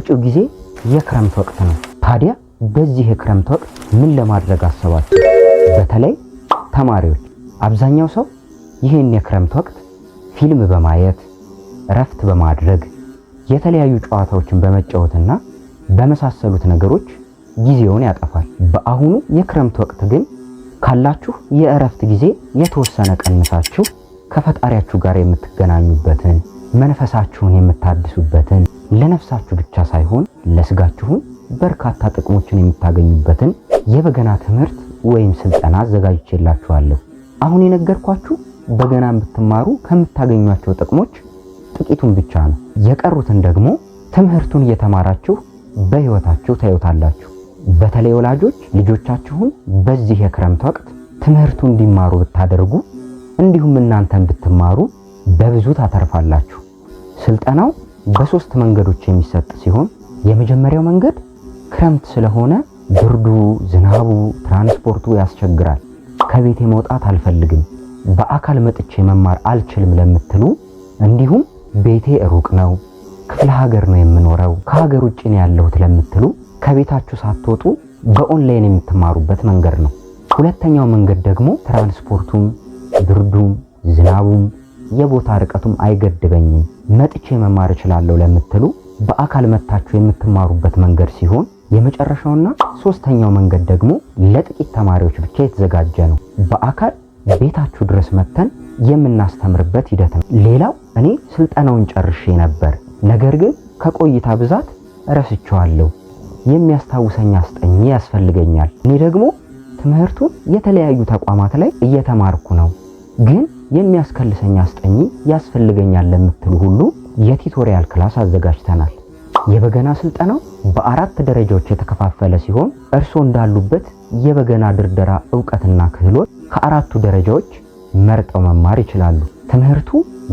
መጪው ጊዜ የክረምት ወቅት ነው። ታዲያ በዚህ የክረምት ወቅት ምን ለማድረግ አሰባችሁ? በተለይ ተማሪዎች፣ አብዛኛው ሰው ይህን የክረምት ወቅት ፊልም በማየት እረፍት በማድረግ የተለያዩ ጨዋታዎችን በመጫወትና በመሳሰሉት ነገሮች ጊዜውን ያጠፋል። በአሁኑ የክረምት ወቅት ግን ካላችሁ የእረፍት ጊዜ የተወሰነ ቀንሳችሁ ከፈጣሪያችሁ ጋር የምትገናኙበትን መንፈሳችሁን የምታድሱበትን ለነፍሳችሁ ብቻ ሳይሆን ለስጋችሁም በርካታ ጥቅሞችን የምታገኙበትን የበገና ትምህርት ወይም ስልጠና አዘጋጅቼላችኋለሁ። አሁን የነገርኳችሁ በገና ብትማሩ ከምታገኟቸው ጥቅሞች ጥቂቱን ብቻ ነው። የቀሩትን ደግሞ ትምህርቱን እየተማራችሁ በሕይወታችሁ ታዩታላችሁ። በተለይ ወላጆች ልጆቻችሁን በዚህ የክረምት ወቅት ትምህርቱ እንዲማሩ ብታደርጉ እንዲሁም እናንተን ብትማሩ በብዙ ታተርፋላችሁ። ስልጠናው በሶስት መንገዶች የሚሰጥ ሲሆን የመጀመሪያው መንገድ ክረምት ስለሆነ ብርዱ፣ ዝናቡ፣ ትራንስፖርቱ ያስቸግራል፣ ከቤቴ መውጣት አልፈልግም፣ በአካል መጥቼ መማር አልችልም ለምትሉ እንዲሁም ቤቴ ሩቅ ነው፣ ክፍለ ሀገር ነው የምኖረው፣ ከሀገር ውጭ ነው ያለሁት ለምትሉ ከቤታችሁ ሳትወጡ በኦንላይን የምትማሩበት መንገድ ነው። ሁለተኛው መንገድ ደግሞ ትራንስፖርቱም፣ ብርዱም፣ ዝናቡም የቦታ ርቀቱም አይገድበኝም መጥቼ መማር እችላለሁ ለምትሉ በአካል መታችሁ የምትማሩበት መንገድ ሲሆን የመጨረሻውና ሶስተኛው መንገድ ደግሞ ለጥቂት ተማሪዎች ብቻ የተዘጋጀ ነው። በአካል ቤታችሁ ድረስ መተን የምናስተምርበት ሂደት ነው። ሌላው እኔ ስልጠናውን ጨርሼ ነበር፣ ነገር ግን ከቆይታ ብዛት እረስቸዋለሁ። የሚያስታውሰኝ አስጠኝ ያስፈልገኛል። እኔ ደግሞ ትምህርቱን የተለያዩ ተቋማት ላይ እየተማርኩ ነው ግን የሚያስከልሰኝ አስጠኚ ያስፈልገኛል ለምትሉ ሁሉ የቲቶሪያል ክላስ አዘጋጅተናል። የበገና ስልጠናው በአራት ደረጃዎች የተከፋፈለ ሲሆን እርስዎ እንዳሉበት የበገና ድርደራ እውቀትና ክህሎት ከአራቱ ደረጃዎች መርጠው መማር ይችላሉ። ትምህርቱ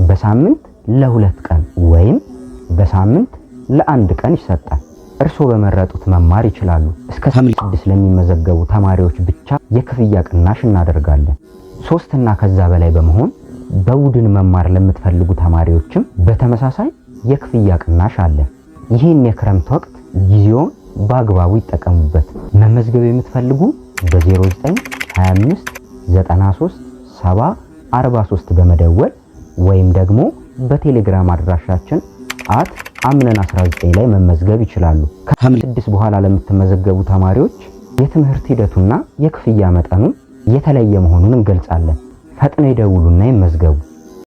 በሳምንት ለሁለት ቀን ወይም በሳምንት ለአንድ ቀን ይሰጣል። እርስዎ በመረጡት መማር ይችላሉ። እስከ ስድስት ለሚመዘገቡ ተማሪዎች ብቻ የክፍያ ቅናሽ እናደርጋለን። ሶስትና ከዛ በላይ በመሆን በቡድን መማር ለምትፈልጉ ተማሪዎችም በተመሳሳይ የክፍያ ቅናሽ አለ። ይህን የክረምት ወቅት ጊዜውን በአግባቡ ይጠቀሙበት። መመዝገብ የምትፈልጉ በ 43 በመደወል ወይም ደግሞ በቴሌግራም አድራሻችን አት አምነን 19 ላይ መመዝገብ ይችላሉ። ከሐምሌ 6 በኋላ ለምትመዘገቡ ተማሪዎች የትምህርት ሂደቱና የክፍያ መጠኑን። የተለየ መሆኑን እንገልጻለን። ፈጥነው ይደውሉና ይመዝገቡ።